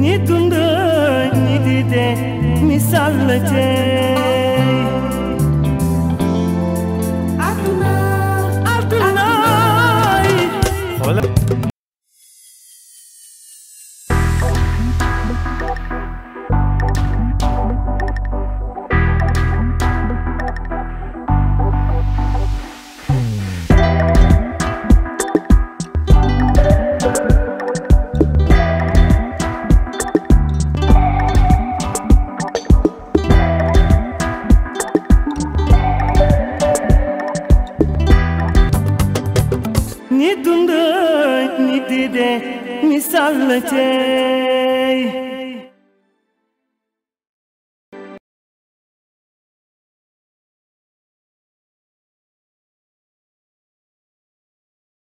ni tunda ni dide mi ni dundai ni dide ni sallate